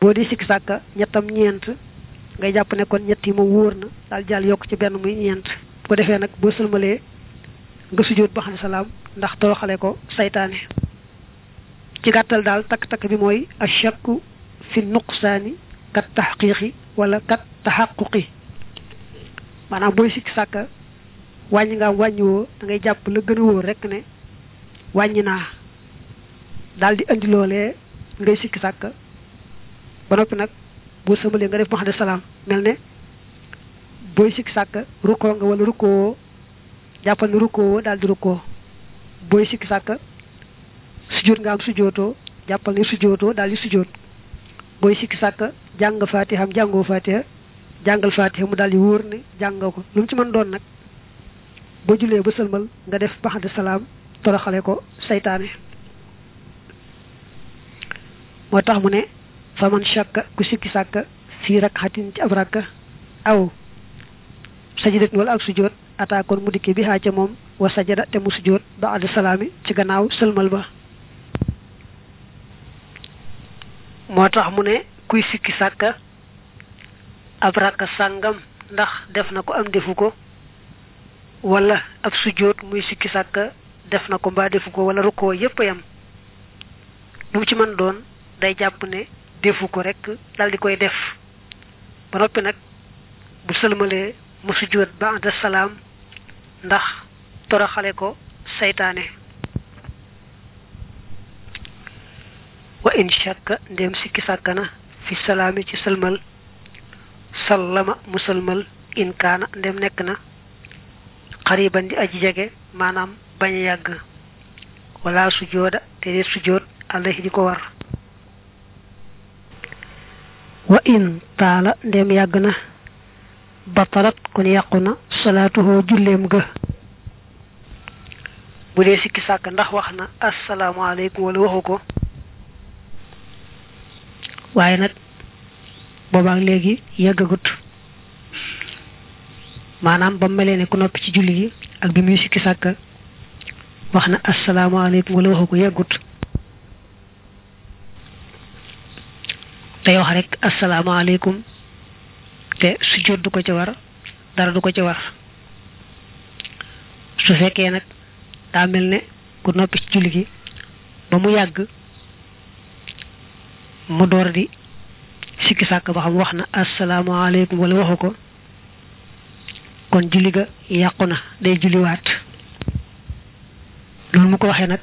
boo di sikk sàkka ñettam ñeent ngay jàpp ne kon ñett yi wóor na daal jàll yokk ci benn muy ñeent bu defee nag boo sëlmalee nga sujjóot ba xam salaam ndax toroxale ko seytaane ci gàttal daal takk-takk bi mooy ashakku fi nuqsaani kat taxqiqi wala kat taxaquqi maanaam booy sikk sàkka wàññi nga wàññiwoo dangay jàpp la gën a wóor rek ne wàññi naa daal di andi ngay sikk sàkka ba noppi nag boo sëlmalee nga def maxade salaam mel ne booy sikk sàkk rukkoo nga wala rukkoo jàppal ne rukkoo daal di rukkoo booy sikki sàkk sujjóot nga am sujjóotoo jàppal ne sujjóotoo daal di sujjóot booy sikki sàkk jàng faatiha am jàngoo faatiha jàngal faatiha mu daal di wóor ne jàngoo ko lu mu ci mën doon nag boo jullee ba sëlmal nga def baxade salaam toroxale ko seytaane moo tax mu ne faman shakka ku sikki sàkka fii ci ab rakka aw sajidatin wala ak sujjóot ataakoon mu dikki bi haa moom wa sajada mu sujjóot ba àdd salaami ci gannaaw sëlmal ba moo tax mu ne kuy sikki sàkka ab sàngam ndax def na ko am defu ko wala ab sujjóot muy def na ko mbaa defu ko wala rukkoo yépp yam lu mu ci mën doon day jàpp ne defu ko rek dal di koy def ba noppi nag bu sëlmalee mu sujjóot ba ànd salaam ndax toroxale ko saytaane wa in shakka ndéem sikki sàkka na fi salaami ci sëlmal sallama mu sëlmal in kaana ndéem nekk na xariban di aji jege maanaam bañ a yàgg wala sujjóoda te dee sujjóot àllahi di ko war wa in taala ndem yàgg na batalat kon yàqu na salaatuhoo julleem ga bu dee sikki sàkk ndax wax na asalaamaaleykum wala waxu ko waaye nag boobaak léegi yàggagut maanaam ba melee ne ku noppi ci julli gi ak bi muy sikki sàkk wax na asalaamaaleykum wala waxu ko yàggut day wax rek asalaamaaleykum te sujjóot du ko ci war dara du ko ci war su fekkee nag daa mel ne ku noppi ci julli gi ba mu yàgg mu door di sikki sàkk ba xam wax na asalaamaaleykum walla waxu ko kon jilli ga yàqu na day julliwaat loolu mu ko waxee nag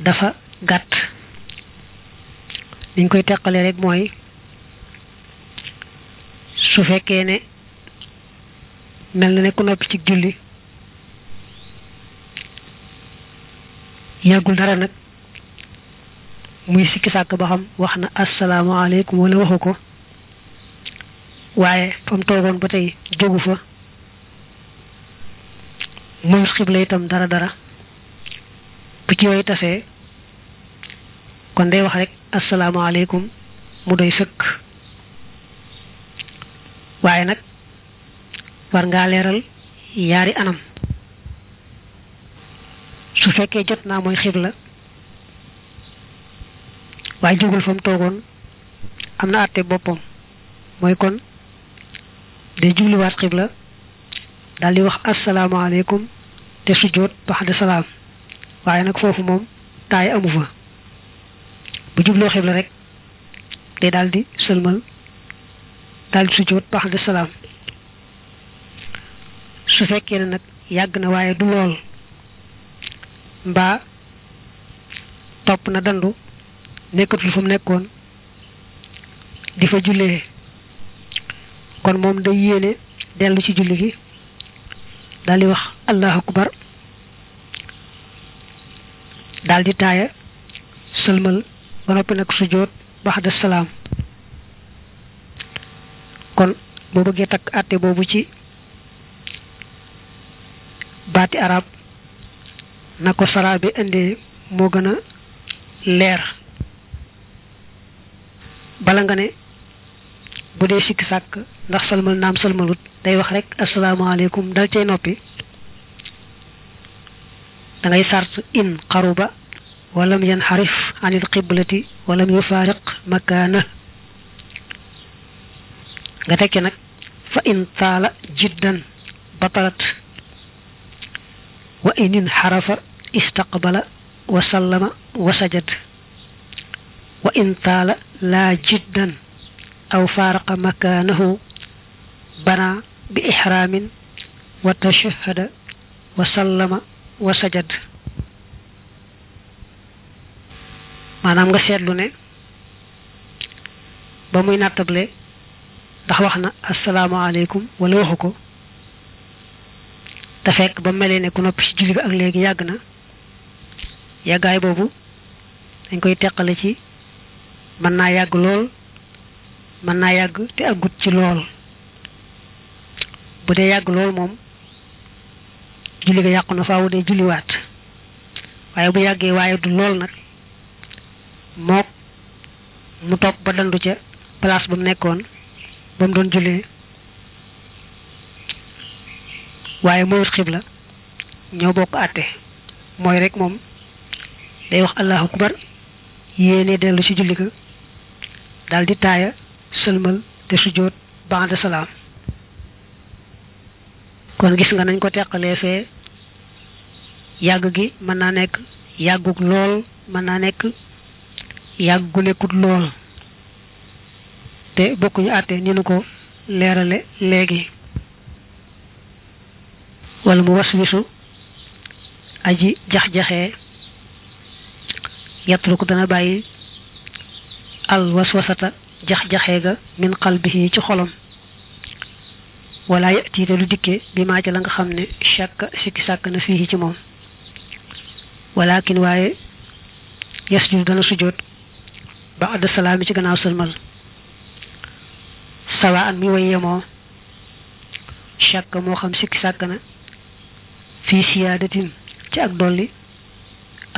dafa gàtt liñ koy teqale rek mooy su fekkee ne mel na ne ku noppi ci julli yàggul dara nag muy sikki sàkk ba xam wax na asalaamaaleykum wala waxu ko waaye fa mu toogoon ba tey jógu fa moom xibla itam dara dara picc ci yooyu tasee kon day wax rek asalaamaaleykum mu doy sëkk waaye nag war ngaa leeral yaari anam su fekkee jot naa mooy xibla waaye jógul fa toogoon am na àtte boppam mooy kon day jubluwaat xibla daal di wax asalaamaaleykum te sujjóot baxda salaam waaye nag foofu moom taay amu fa bu jubloo xibla rek day daldi di sëlmal daal di sujjóot baax salaam su fekkee ne nag yàgg na waaye du lool mbaa topp na dandu nekkatul fa mu nekkoon di fa jullee kon moom day yéene dellu ci julli gi daldi di wax allahu akbar daal di taaya sëlmal ba noppi nag sujjóot baxda salaam kon boo bëggee takk àtte boobu ci baati arab na ko saraa bi indee moo gën a leer bala nga ne bu dee sikki sàkk ndax salmal naam salmalut day wax rek asalaamaaleykum dal cay noppi da ngay sart in xaruba walam yanxarif anil qiblati walam yufaariq makaana nga tekki nag fa in taala jiddan batalat wa in inxarafa istaqbala wa sallama wa sajad wa in taala laa jiddan aw faaraqa makaanahu bana bi ixraamin wa tashahada wa sallama wa sajad maanaam nga seetlu ne ba muy nattable ndax wax na asalaamaaleykum wala waxu ko dafekk ba melee ne ku noppi ci julli ak léegi yàgg na yàggaay boobu dañ koy teqale ci mën naa yàgg lool mën naa yàgg te aggut ci lool bu dee yàgg lool moom julli ga yàqu na faawu dee julliwaat waaye bu yàggee waaye du lool nag mook mu toog ba dandu ca palaas ba nekkoon ba doon jullee waaye mooy wut xibla ñoo bokk àtte mooy rek moom day wax allahu akbar yéene dellu ci julli ga daal di taaya sëlmal te sujjóot ba'da salaam kon gis nga nañ ko teqalee fee yàgg gi mën naa nekk yàggug lool mën naa nekk yàggu nekkut lool te bokkuñu àtte ni nu ko leerale léegi wala mu waswisu aji jax-jaxee yettu ko dana bàyyi al wasata jax jaxe ga min qalbihi ci xolom wala yatiite lu dikke bi maa ci la nga xam ne shakka sikki sàkk na fii ci moom walakin waaye yasjudu dana sujjoot ba àdd salaam yi ci gannaaw sëlmal sawa an muy way yemoo chàkk moo xam sikki sàkk na fii siyaadatin ci ak dolli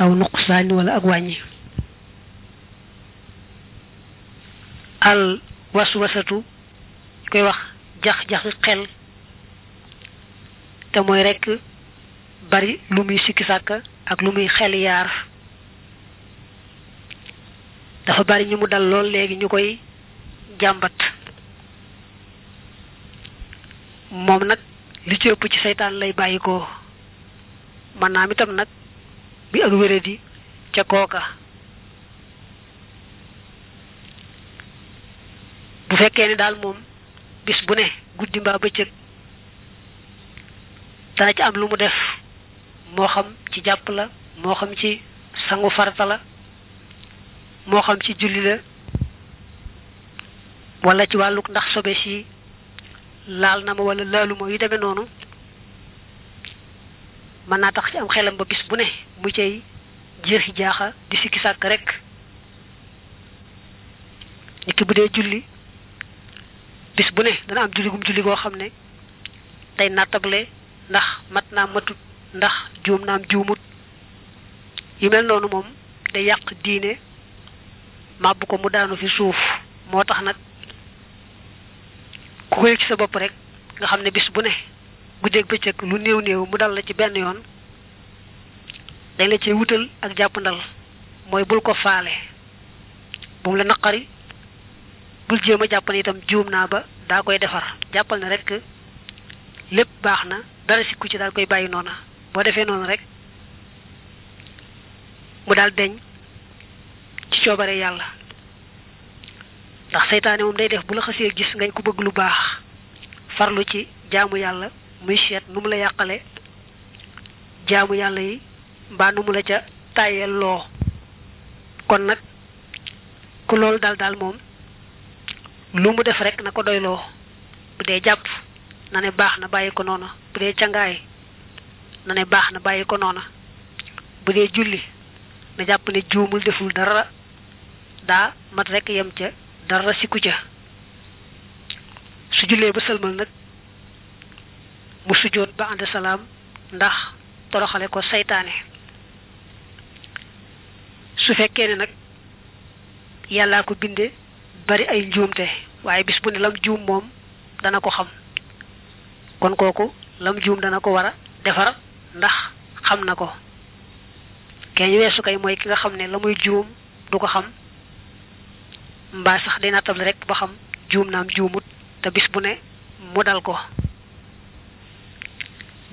aw nuqsaani wala ak wàññi al waswasatu koy wax jax-jaxi xel te mooy rekk bari lu muy sikki sàkk ak lu muy xel yaar dafa bari ñu mu dal lool léegi ñu koy jàmbat moom nag li ci ëpp ci seytaan lay bàyyi ko mën naa itam nag bi ak wéradi ca kooka bu fekkee ni daal moom bis bu ne guddi mbaa bëccëg dana ci am lu mu def moo xam ci jàpp la moo xam ci sangu farata la moo xam ci julli la wala ci wàlluk ndax sobe si laal na ma wala laalu ma yu demee noonu mën naa tax ci am xelam ba bis bu ne mu cay jeexi jaaxa di sikki sàkk rek nit bu dee julli bis bu ne dana am julli gum julli goo xam ne tey nattable ndax mat naa matut ndax juum naa juumut yu mel noonu moom day yàq diine màbb ko mu daanu fi suuf moo tax nag ku koy ci sa bopp rek nga xam ne bis bu ne guddeeg bëccëg lu néew néew mu dal la ci benn yoon dañ la ci wutal ak jàpp mooy bul ko faale bu mu la naqari bul jéem a jàpp itam juum naa ba daa koy defar jàppal ne rek lépp baax na dara ku ci daal koy bàyyi noona boo defee noonu rek mu daal deñ coobare yàlla ndax seytaane moom day def bu la xasee gis ngay ku bëgg lu baax farlu ci jaamu yàlla muy seet nu mu la yàqale jaamu yàlla yi mbaa nu mu la ca tàyyeel loo kon nag ku loolu daal daal moom lu mu def rek na ko doyloo bu dee jàpp na ne baax na bàyyi ko noona bu dee cangaay na ne baax na bàyyi ko noona bu dee julli na jàpp ne juumul deful dara daa mat rekk yem ca dara siku ca su jullee ba sëlmal nag mu sujjóot ba ànd salaam ndax toroxale ko seytaane su fekkee ne nag yàllaa ko binde bari ay njuumte waaye bis bu ne lam juum moom dana ko xam kon kooku lam juum dana ko war a defar ndax xam na ko keeñ weesu kay mooy ki nga xam ne la muy juum du ko xam mbaa sax day nattable rek ba xam juum naam juumut te bis bu ne mu dal ko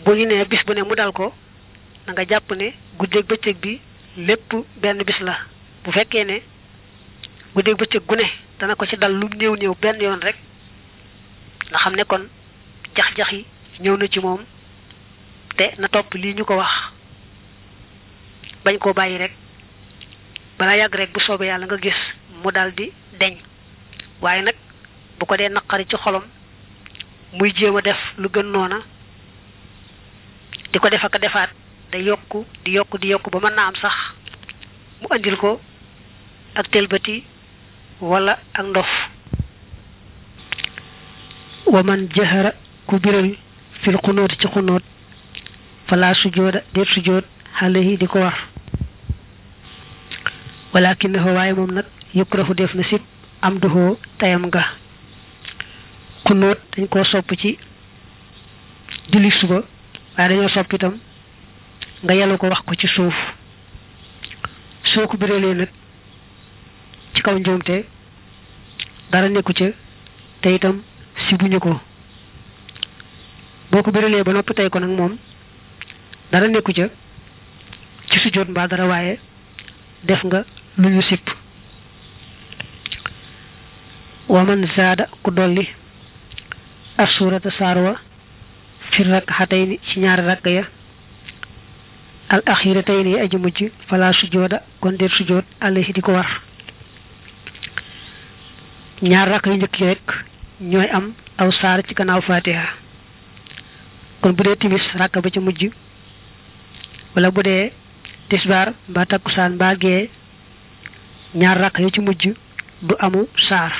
bu ñu nee bis bu ne mu dal ko da jàpp ne guddeeg bëccëg bi lépp benn bis la bu fekkee ne guddeeg bëccëg gu ne dana ko ci dal lu néew néew benn yoon rek nga xam ne kon jax-jax yi ñëw na ci moom te na topp lii ñu ko wax bañ koo bàyyi rek balaa yàgg rek bu soobee yàlla nga gis mu daldi deñ waaye nag bu ko dee naqari ci xolam muy jéem a def lu gën noona di ko def ko defaat day yokk di yokk di yokk ba mën naa am sax mu andil ko ak telbati walla ak ndof wa man jahara ku biral fil xunóoti ci xunóot fala sujooda déet sujood xale yi di ko war walakin waaye moom nag yukrahu def na sib am duhoo tayam nga xunóot dañ koo sopp ci julli suba waaye dañoo sopp itam nga yelu ko wax ko ci suuf soo ko birélee nag ci kaw njuumte dara nekku ca te itam ko boo ko birélee ba nopp tey ko nag moom dara nekku ca ci sujjóot mbaa dara waaye def nga lu ñu sipp wa man zaada ku dolli assurata saarwa fi rakxatayni ci ñaari rakk ya al axiratayni yi aji mujj fala sujooda kon déet sujood alayhi di ko war ñaar rakk yu njëkk yi rek ñooy am aw saar ci gannaaw fatiha kon bu dee timis rakk ba ci mujj wala bu dee tisbaar mbaa takkusaan mbaa gee ñaar rakk yu ci mujj du amu saar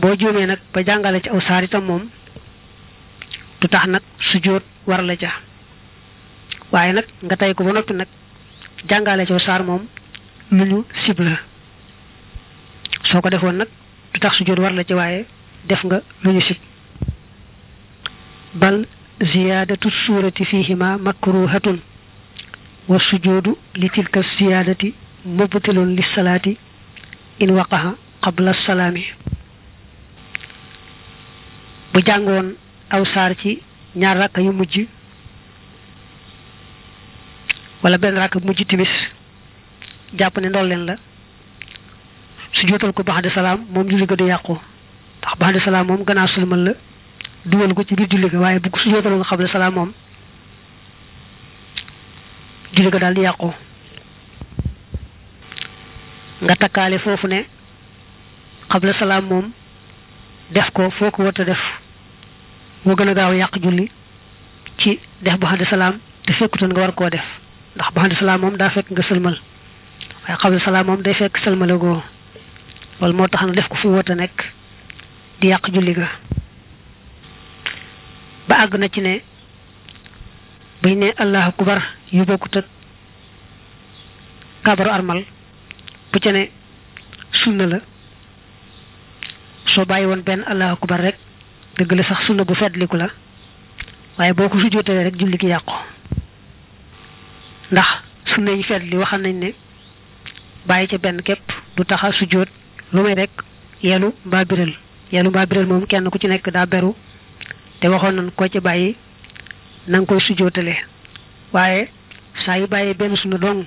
boo juumee nag ba jàngale ci aw saar itam moom du tax nag sujjóot war ca waaye nag nga tey ko ba noppi nag jàngale ci aw saar moom lu ñu sib la soo ko defoon nag du tax sujjóot war la ca waaye def nga lu ñu sib bal ziyaadatu suurati fiihima makruhatun wa sujoodu li tilka ziyaadati mubtilun li salaati in waqaha qabla salaami bu jàngoon aw saar ci ñaar rakk yu mujj walla benn rakk mujj timis jàpp ne leen la su ko baxade salaam moom julli ko du yàqu ndax baxade salaam moom gannaaw sulmal la dugal ko ci biir julli ko waaye bu su jootaloon xam moom julli daal di yàqoo nga takkaale foofu ne xabla salaam moom def ko foo ko war def moo gën a gaaw yàq julli ci def baxada salaam te fekkutoon nga war koo def ndax baxada salaam moom daa fekk nga sëlmal waaye xabla salaam moom day fekk sëlmalagoo wala moo tax na def ko fi woote nekk di yàq julli ga ba àgg na ci ne bañ ne allahu akbar yu bokkut ak kabaru armal bu ca ne sunna la soo bàyyi woon benn allahu akbar rek dëgg la sax sunna bu feddliku la waaye boo ko sujjóotalee rek julli gi yàqu ndax sunna yi feddli waxal nañ ne bàyyi ca benn képp du taxa sujjóot lu may rek yelu mbaa biral yelu mbaa biral moom kenn ku ci nekk daa beru te waxoon nañ ko ca bàyyi na nga koy sujjóotalee waaye saa yi bàyyee benn sunna dong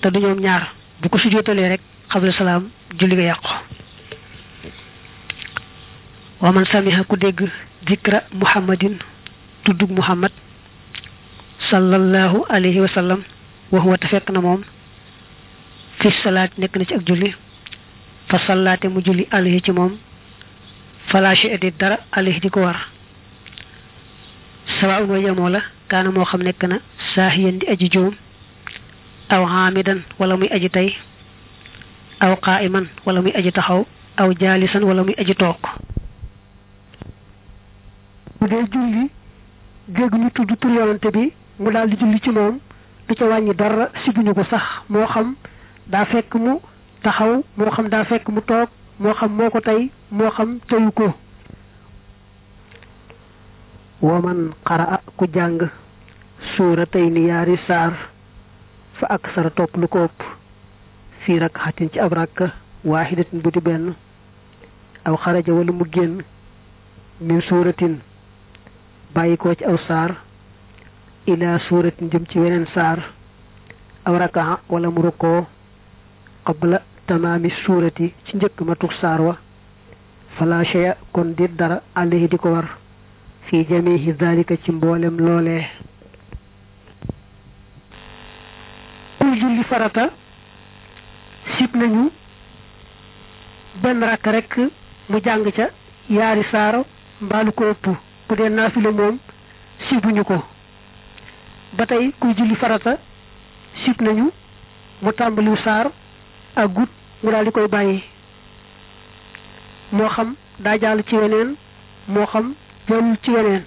te du ñoom ñaar bu ko sujjóotalee rek xabla salaam julli ga yàqu wa man samiha ku dégg dikra muhammadin tuddug muhammad sallallahu alayhi wa sallam wa te fekk na moom fi salaat nekk na ci ak julli fa sallaate mu julli alayhi ci moom falaché edi dara alayhi di ko war sawa un wa yemoo la kaana moo xam nekk na saahiyan di aji juum aw xaamidan wala muy aji tey aw qaa'iman wala muy aji taxaw aw jaalisan wala muy aji toog bu dee julli dégg ñu tudd tur bi mu daal di julli ci moom du ca wàññi dara sibuñu ko sax moo xam daa fekk mu taxaw moo xam daa fekk mu toog moo xam moo ko tey moo xam teyu ko waman xaraa ku jàng suura tey ni yaari saar fa ak sara topp lu ko fii rak xatin ci ab rakk waaxidatin bu di benn aw xaraja wala mu génn min suuratin bàyyi ci aw saar ila suuratin jëm ci weneen saar aw rakaa wala mu rukkoo qabla tamaami suurati ci njëkk matuk saar wa fala shaya kon di dara alayhi di ko war fi jamihi dalika ci mboolem loolee pour julli farata sib nañu benn rakk rekk mu jàng ca yaari saaro mbaalu ko ëpp bu dee naafila moom sibuñu ko ba tey kuy julli farata sib nañu mu tàmbaliw saar ak gut mu daal koy bàyyi moo xam daa jàll ci weneen moo xam jàllul ci weneen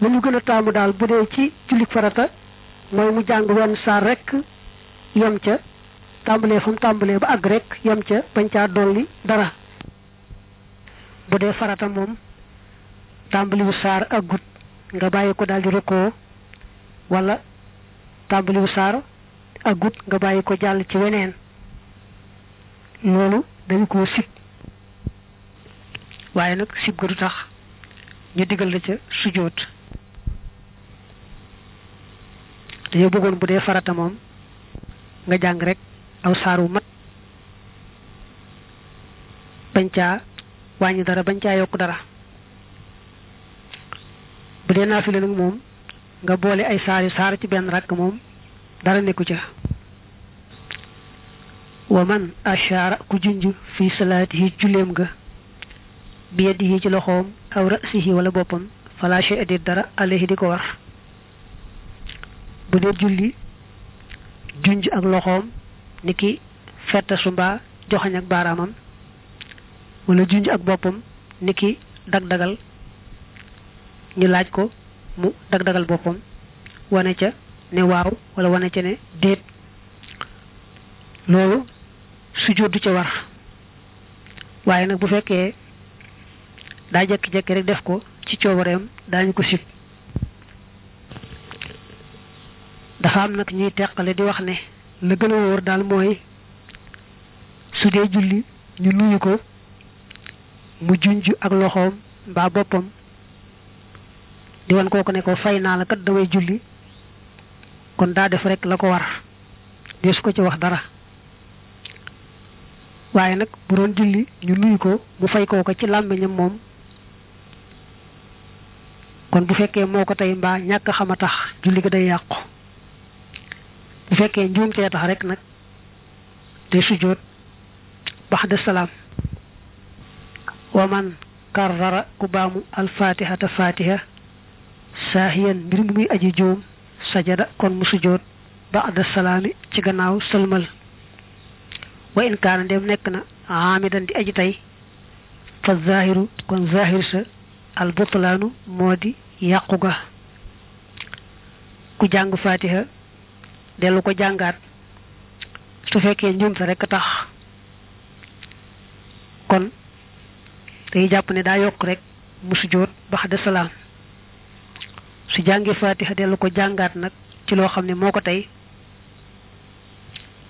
la ñu gën a taamu daal bu dee ci julli farata mooy mu jàng wenn saar rek yem ca tàmbalee fa tàmbalee ba àgg rek yem ca bañ caa dolli dara bu dee farata moom tàmbaliwu saar aggut nga bàyyi ko daal di rukkoo wala tàmbaliwu saar aggut nga bàyyi ko jàll ci weneen loolu dañu koo sib waaye nag sib ga du tax ñu digal la ca sujjóot dañoo bëggoon bu dee farata moom nga jàng rek aw saar wu mag bañ caa wàññi dara bañ caa yokk dara dee naafile nag moom nga boole ay saari saar ci benn rakk moom dara nekku ca wa man ashaara ku junj fi yi julleem ga bi yadihi ci loxoom aw rasihi wala boppam fala shay adit dara alayhi di ko war bu dee julli junj ak loxoom niki fetta sumba joxañ ak baaraamam wala junj ak boppam niki dag-dagal ñu laaj ko mu dagdagal boppam wane ca ne waaw wala wane ca ne déet loolu sujjóot du ca war waaye nag bu fekkee daa jekki-jekki rek def ko ci coobareem daañu ko sib dafa am nag ñuy teqale di wax ne la gën a wóor daal mooy su dee julli ñu nuyu ko mu junj ak loxoom mbaa boppam di wan kooku ne ko fay naa la kat damay julli kon daa def rek la ko war dee ko ci wax dara waaye nag bu doon julli ñu nuyu ko mu fay ko ci làmmiñam moom kon bu fekkee moo ko tey mbaa ñàkk xam a tax julli ko day yàqu bu fekkee njuumtee tax rek nag day sujjóot bax de salaam waman karrara ku baamu alfatihata fatiha saahiyan mbir mu muy aji joom sajada kon mu sujjoot ba'da ci gannaaw sëlmal wa in kaana ndem nekk na aamidan di aji tey fa zaahiru kon zaahir sa albutlaanu moo di yàqu ga ku jàng fatiha dellu ko jàngaat su fekkee njuumte rekk a tax kon day jàpp ne daa yokk rek mu sujjoot ba'da su jàngi fatiha dellu ko jàngaat nag ci loo xam ne moo ko tey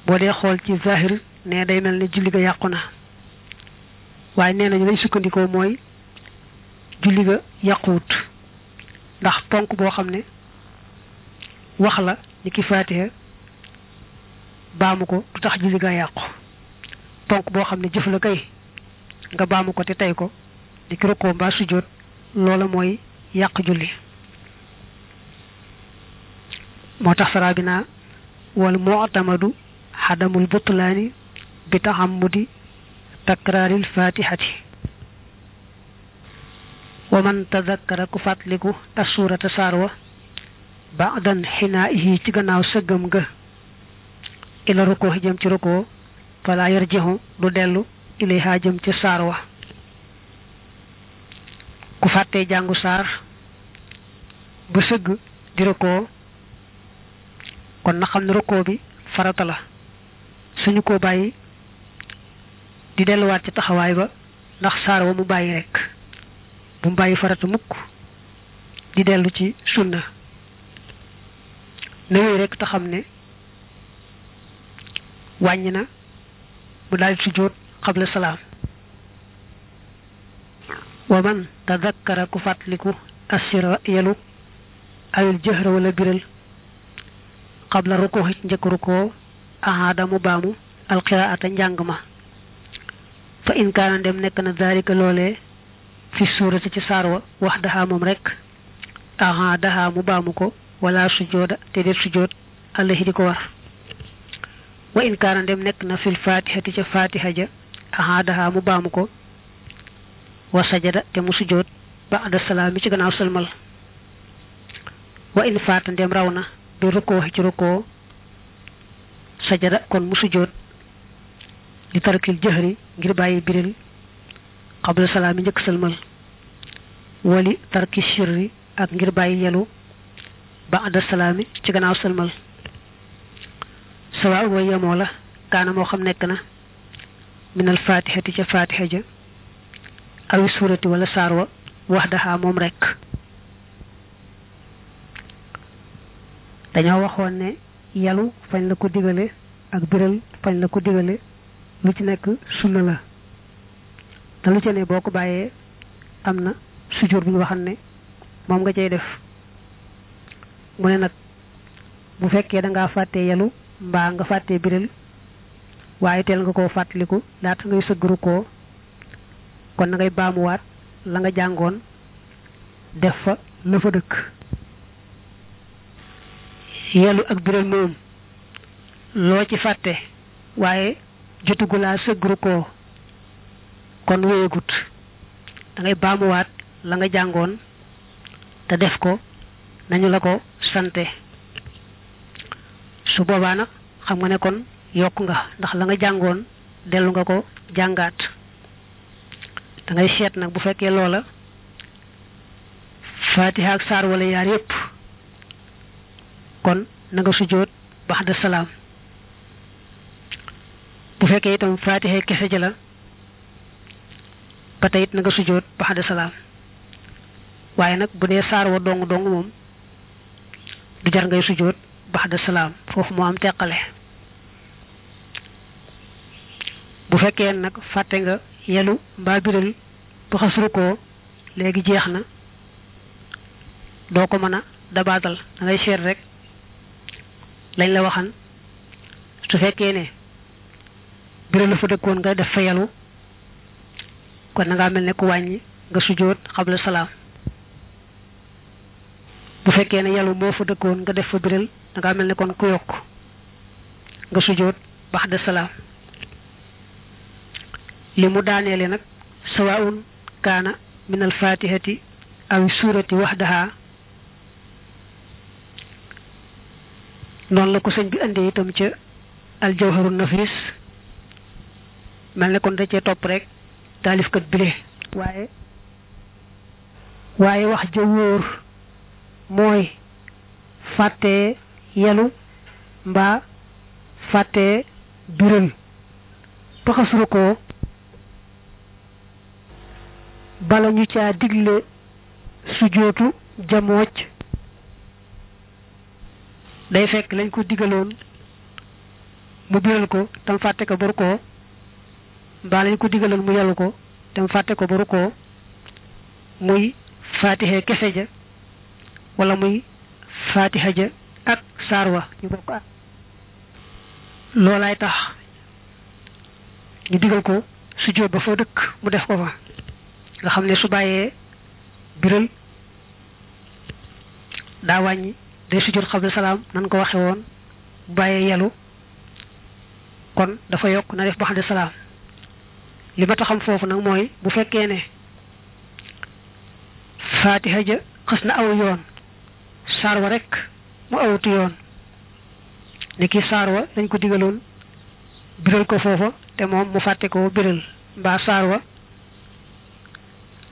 boo dee xool ci zahir ne day mel ne julli ga yàqu na waaye nee nañu lay sukkandikoo mooy julli ga yàquwut ndax ponk boo xam ne wax la ni ki fatiha baamu ko du tax julli ga yàqu ponk boo xam ne jëf la kay nga baamu ko te tey ko ni ki rokkoo mbaa sujjóot loola mooy yàq julli moo tax sarabina wal mu'tamadu xadamul butlaani bi taxamudi takraaril fatihati wa man tadakkara ku fàttaliku assurata sarwa ba'dan xinaa'ihi ci gannaaw sëggam ga ila ruko jëm ci ruko fala du dellu ilayha jëm ci saar wa ku fàttee jàngu saar ba sëgg di ruko kon na xam ne rukkoo bi farata la suñu ko bàyyi di delluwaat ci taxawaay ba ndax saar wa mu bàyyi rek bu mu bàyyi farata mukk di dellu ci sunna na wéy te xam ne wàññi na mu daal di sujjóot xabla salaam wa man tadakkara ku fàttaliku assira yalu ayul jëxra wala biral qabla rukkoo njëkk rukkoo ahaada mu baamu alqiraata njàng ma fa in kaana dem nekk na daalika loolee fi suurati ci saar wa wax daxaa moom rek aha daxaa mu baamu ko wala sujooda te def sujood allahi di ko war wa in kaana dem nekk na fil fatihati ca fatiha ja aha daxaa mu baamu ko wa sajada te mu sujood ba'da salaami ci gannaaw sëlmal wa in ndem raw na bi rukkoo ci rukkoo sajada kon mu sujjóot li tarkil jëhri ngir bàyyi biril xabla salaami njëkk sëlmal wali tarki sirri ak ngir bàyyi yelu ba àdda salaami ci gannaaw sëlmal sawaa wa yemoo la kaana moo xam nekk na minal faatixati ca faatixa ja awi suurati wala saar wa waxdaha moom rekk dañoo waxoon ne yalu fañ la ko digale ak biral fañ la ko digale lu ci nekk sunna la te lu ci ne boo ko bàyyee am na sujur bi ñu waxam ne moom nga cay def mu ne nag bu fekkee da ngaa fàttee yalu mbaa nga fàttee biral waaye teel nga koo fàttaliku laata ngay sëggaru koo kon na ngay baamuwaat la nga jàngoon def fa la fa dëkk yelu ak biral moom loo ci fàtte waaye jotugulaa sëggru ko kon wéyagut da ngay baamuwaat la nga jàngoon te def ko nañu la ko sante su boobaa nag xam nga ne kon yokk nga ndax la nga jàngoon dellu nga ko jàngaat dangay ngay seet nag bu fekkee loola faatiha ak saar wala yaar yépp kon naga nga sujjóot baxda salaam bu fekkee itam faatixe kese ja la ba tey it na nga sujjóot baxda salaam waaye nag bu dee saar wa dong dong moom du jar ngay sujjóot baxda salaam foofu moo am teqale bu fekkee nag fàtte nga yelu mbaa biral ba xasru ko léegi jeex na doo ko mën a dabaatal da ngay seet rek lañ la waxan su fekkee ne biro la fa dëkkoon nga def fa yalu kon na ngaa mel ne ku wàññi nga sujjóot xabla salaam bu fekkee ne yalu moo fa dëkkoon nga def fa biral da ngaa mel ne kon ku yokk nga sujjóot baxda salaam li mu daaneele nag sawaun kaana min al fatihati aw wax waxdaha noonu la ko sëñ bi indee itam ca aljawharu nafis mel ne kon da cee topp rek taalifkat bile waaye waaye wax ja mooy fàttee yelu mbaa fàttee biral paxasru ko bala ñu caa digle sujootu jamooc day fekk lañ ko digaloon mu biral ko tam fàtte ko baru koo mbaa lañ ko digaloon mu yàllu ko tam fàtte ko baru koo muy faatixe kese ja wala muy faatixa ja ak saar wa ñu bokk loolaay tax ñu digal ko su jóot ba fa dëkk mu def ko fa nga xam ne su bàyyee biral daa wàññi day sujjóot xabla salaam nan ko waxe woon bàyyee yelu kon dafa yokk na def ba xamde salaam li ma taxam foofu nag mooy bu fekkee ne faatiha ja xas na aw yoon saar wa rek mu awutu yoon ne ki saar wa dañ ko digaloon biral ko foofa te moom mu fàtte ko biral mbaa saar wa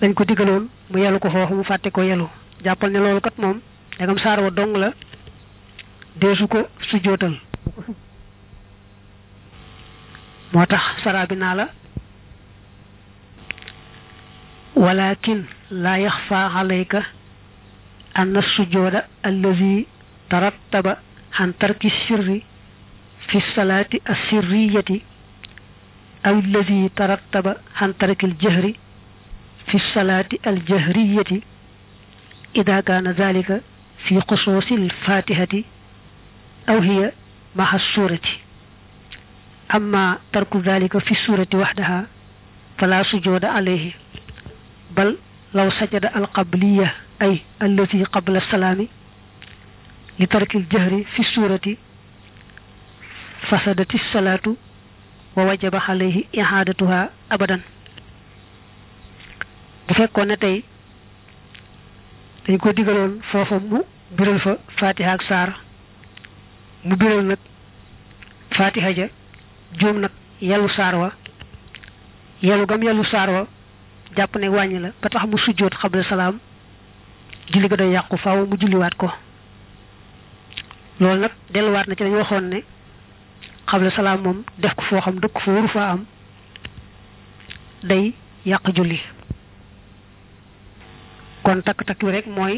dañ ko digaloon mu yelu ko foofa mu fàtte ko yelu jàppal ne loolu kat moom ndegam saar wa dong la deesu ko sujjootal moo tax saraa bi naa la walakin laa yaxfa alayka anna sujjooda allazi tarattaba an tarki sirri fi salaati assirriyati aw allazi tarattaba an tarki aljahri fi salaati aljahriyati ida kaana zalika fi xusuusil fatihati aw hiya maxa suurati amma tarku dalika fi suurati waxdaha fala sujooda alayhi bal law sajada alqabliya ay allati qabla salaami li tarkil jahri fi suurati fasadati salaatu wa wajaba alayhi ihaadatuha abadan bu fekkoon ne tey dañ ko digaloon foofa mu biral fa fatiha saar mu biral nag fatiha ja juum nag yellu saar wa yellu gam yellu saar wa jàpp ne wàññi la ba tax mu sujjoot xabla salaam julli ga day yàqu faaw mu julliwaat ko loolu nag delluwaat na ci dañu waxoon ne xabla salaam moom def ko foo xam dëkk fa waru faa am day yàq julli kon takk-takk bi rek mooy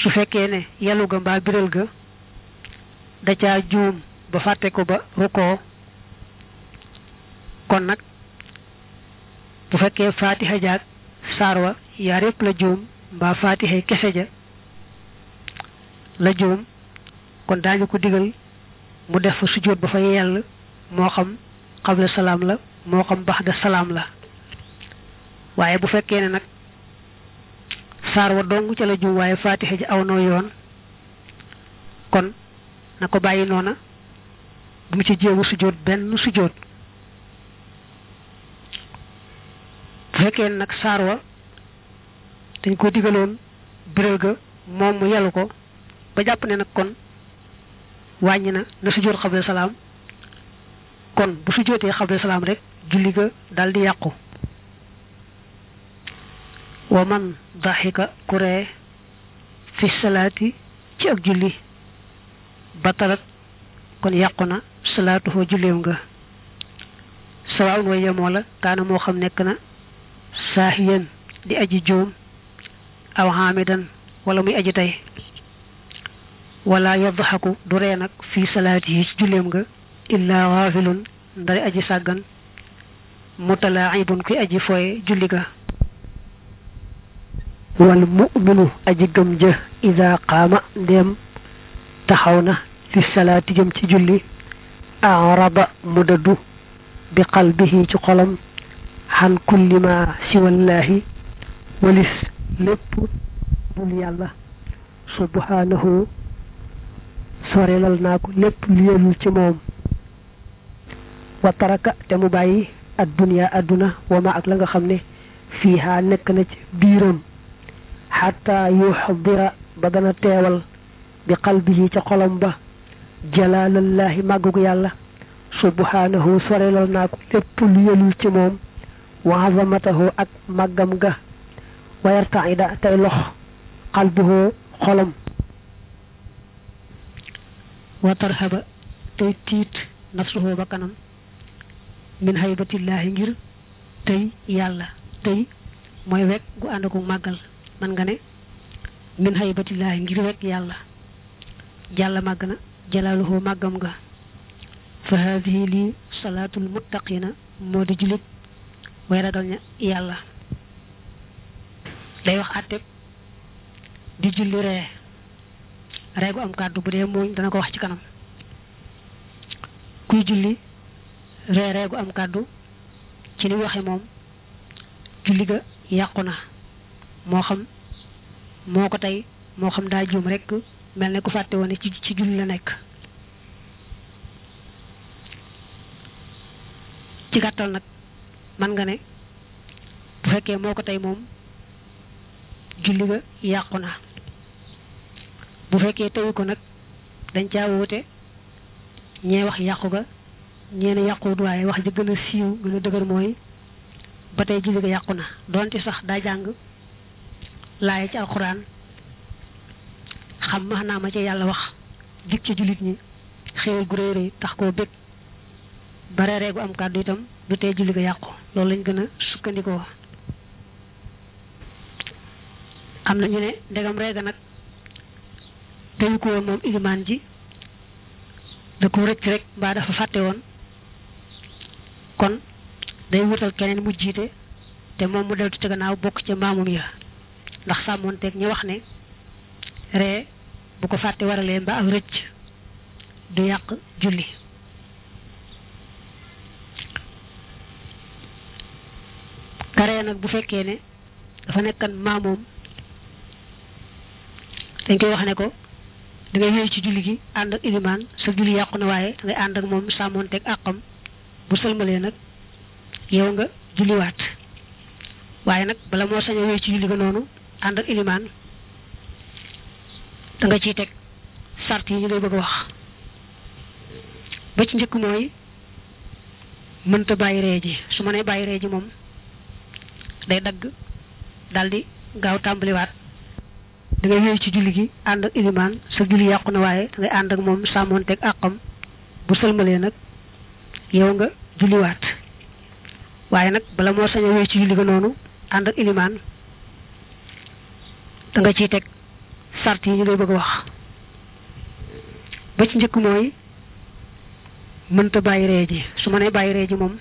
su fekkee ne yalu ga mbaa biral ga da caa juum ba fàtte ko ba rukkoo kon nag bu fekkee faatiha jaag saar wa yaar yëpp la juum mbaa faatiha kese ja la juum kon daañu ko digal mu def fa sujjóot ba fa yell moo xam xable salaam la moo xam baxda salaam la waaye bu fekkee ne nag saar wa dong ca la jum waaye faatixa ji aw noo yoon kon na ko bàyyi noona bu mu ci jéemu sujjóot benn sujjóot bu fekkee nag saar wa dañ ko digaloon biral ga moom mu yelu ko ba jàpp ne nag kon wàññi na na sujjóot xabla salaam kon bu sujjóotee xabla salaam rek julli ga daldi yàqu wa man daxika ku fi salaati ci ak julli batalat kon yàqu na salaatuhu julleem nga sawaawun way yemoo la kaana moo xam nekk na saahiyan di aji juum aw xaamidan wala muy aji tey wala yadxaku du ree nag fi salaati yi julleem nga illaa xaafilun ndari aji sàggan mutalaa'ibun kuy aji fooye julli ga wal mu'minu aji gëm ja ida qaama ndéem taxaw na li salaati jëm ci julli araba mu dëddu bi qalbihi ci xolam xan kulli ma siwallaahi walis lépp dul yàlla subhanahu sorelal naa ko lépp lu yelul ci moom wa taraka te mu bàyyi ad duniya adduna wama ak la nga xam ne fiiha nekk na ci biiram xataa yuxdira ba dana teewal bi qalbihi ca xolam ba jalaalallaahi màggugu yàlla subhaanahu sorelal naa ko lépp lu wa azamatahu ak màggam ga wa yartaida tey lox qalbuhu xolam wa tarhaba tey tiit nafsuhu ba kanam min haybatillaahi ngir tey yàlla tey mooy wekk gu ànd ak mën nga ne min haybatillahi ngir wekk yàlla jàll màgg na jalaaluhu màggam nga fa haadihi lii salaatul muttaqina moo di julit way ragal ña yàlla day wax àtteb di julli ree ree am kàddu bu dee mooñ dana ko wax ci kanam kuy julli ree ree am kàddu ci li waxe moom julli ga yàqu na moo xam moo ko tey moo xam daa juum rek mel ne ku fàtte woon ci ci julli la nekk ci gàttal nag man nga ne bu fekkee moo ko tey moom julli ga yàqu na bu fekkee teyu ko nag dañ caa woote ñee wax yàqu ga ñee ne yàquwut waaye wax ji gën a siiw gën a dëgër mooy ba tey julli ga yàqu na donte sax daa jàng laaya ci alxuraan xam naa ma ci yàlla wax dik ci jullit ñi xéewal gu réy tax koo bég bare reegu am kàddu itam du tee julli ga yàqu loolu lañ gën a sukkandikoo am na ñu ne ndegam reega nag dañu ko woon moom ilimaan ji da ko rëcc rek mbaa dafa fàtte woon kon day wutal keneen mu jiite te moom mu del ci gannaaw bokk ca mbaamum ya ndax sàmmoon sàmmoonteeg ñu wax ne ree bu ko fàtte waralee ba am rëcc du yàq julli karee nag bu fekkee ne dafa nekkan maamoom dañ koy wax ne ko da ngay wéy ci julli gi ànd ak ilimaan sa julli yàqu na waaye ngay ànd ak moom sàmmoonteeg àqam bu sëlmalee nag yow nga julliwaat waaye nag bala moo sañ wéy ci julli ko noonu ànd ak ilimaan da ciy teg sart yi ñu lay bëgg wax ba ci njëkk mooy mënta bàyyi ree ji su ma nee bàyyi ree ji moom day dagg daldi gaaw tàmbaliwaat da ngay ci julli gi ànd ak ilimaan sa julli yàqu na waaye da ànd ak moom sàmmoonteeg àqam bu sëlmalee nag yow nga julliwaat waaye nag bala moo sañ a wéy ci julli ga noonu ànd ak ilimaan danga ciy teg sart yi ñu lay bëgg wax ba ci njëkk mooy mënta bàyyi ree ji su ma nee bàyyi ree ji moom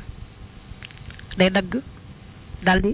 day dagg daldi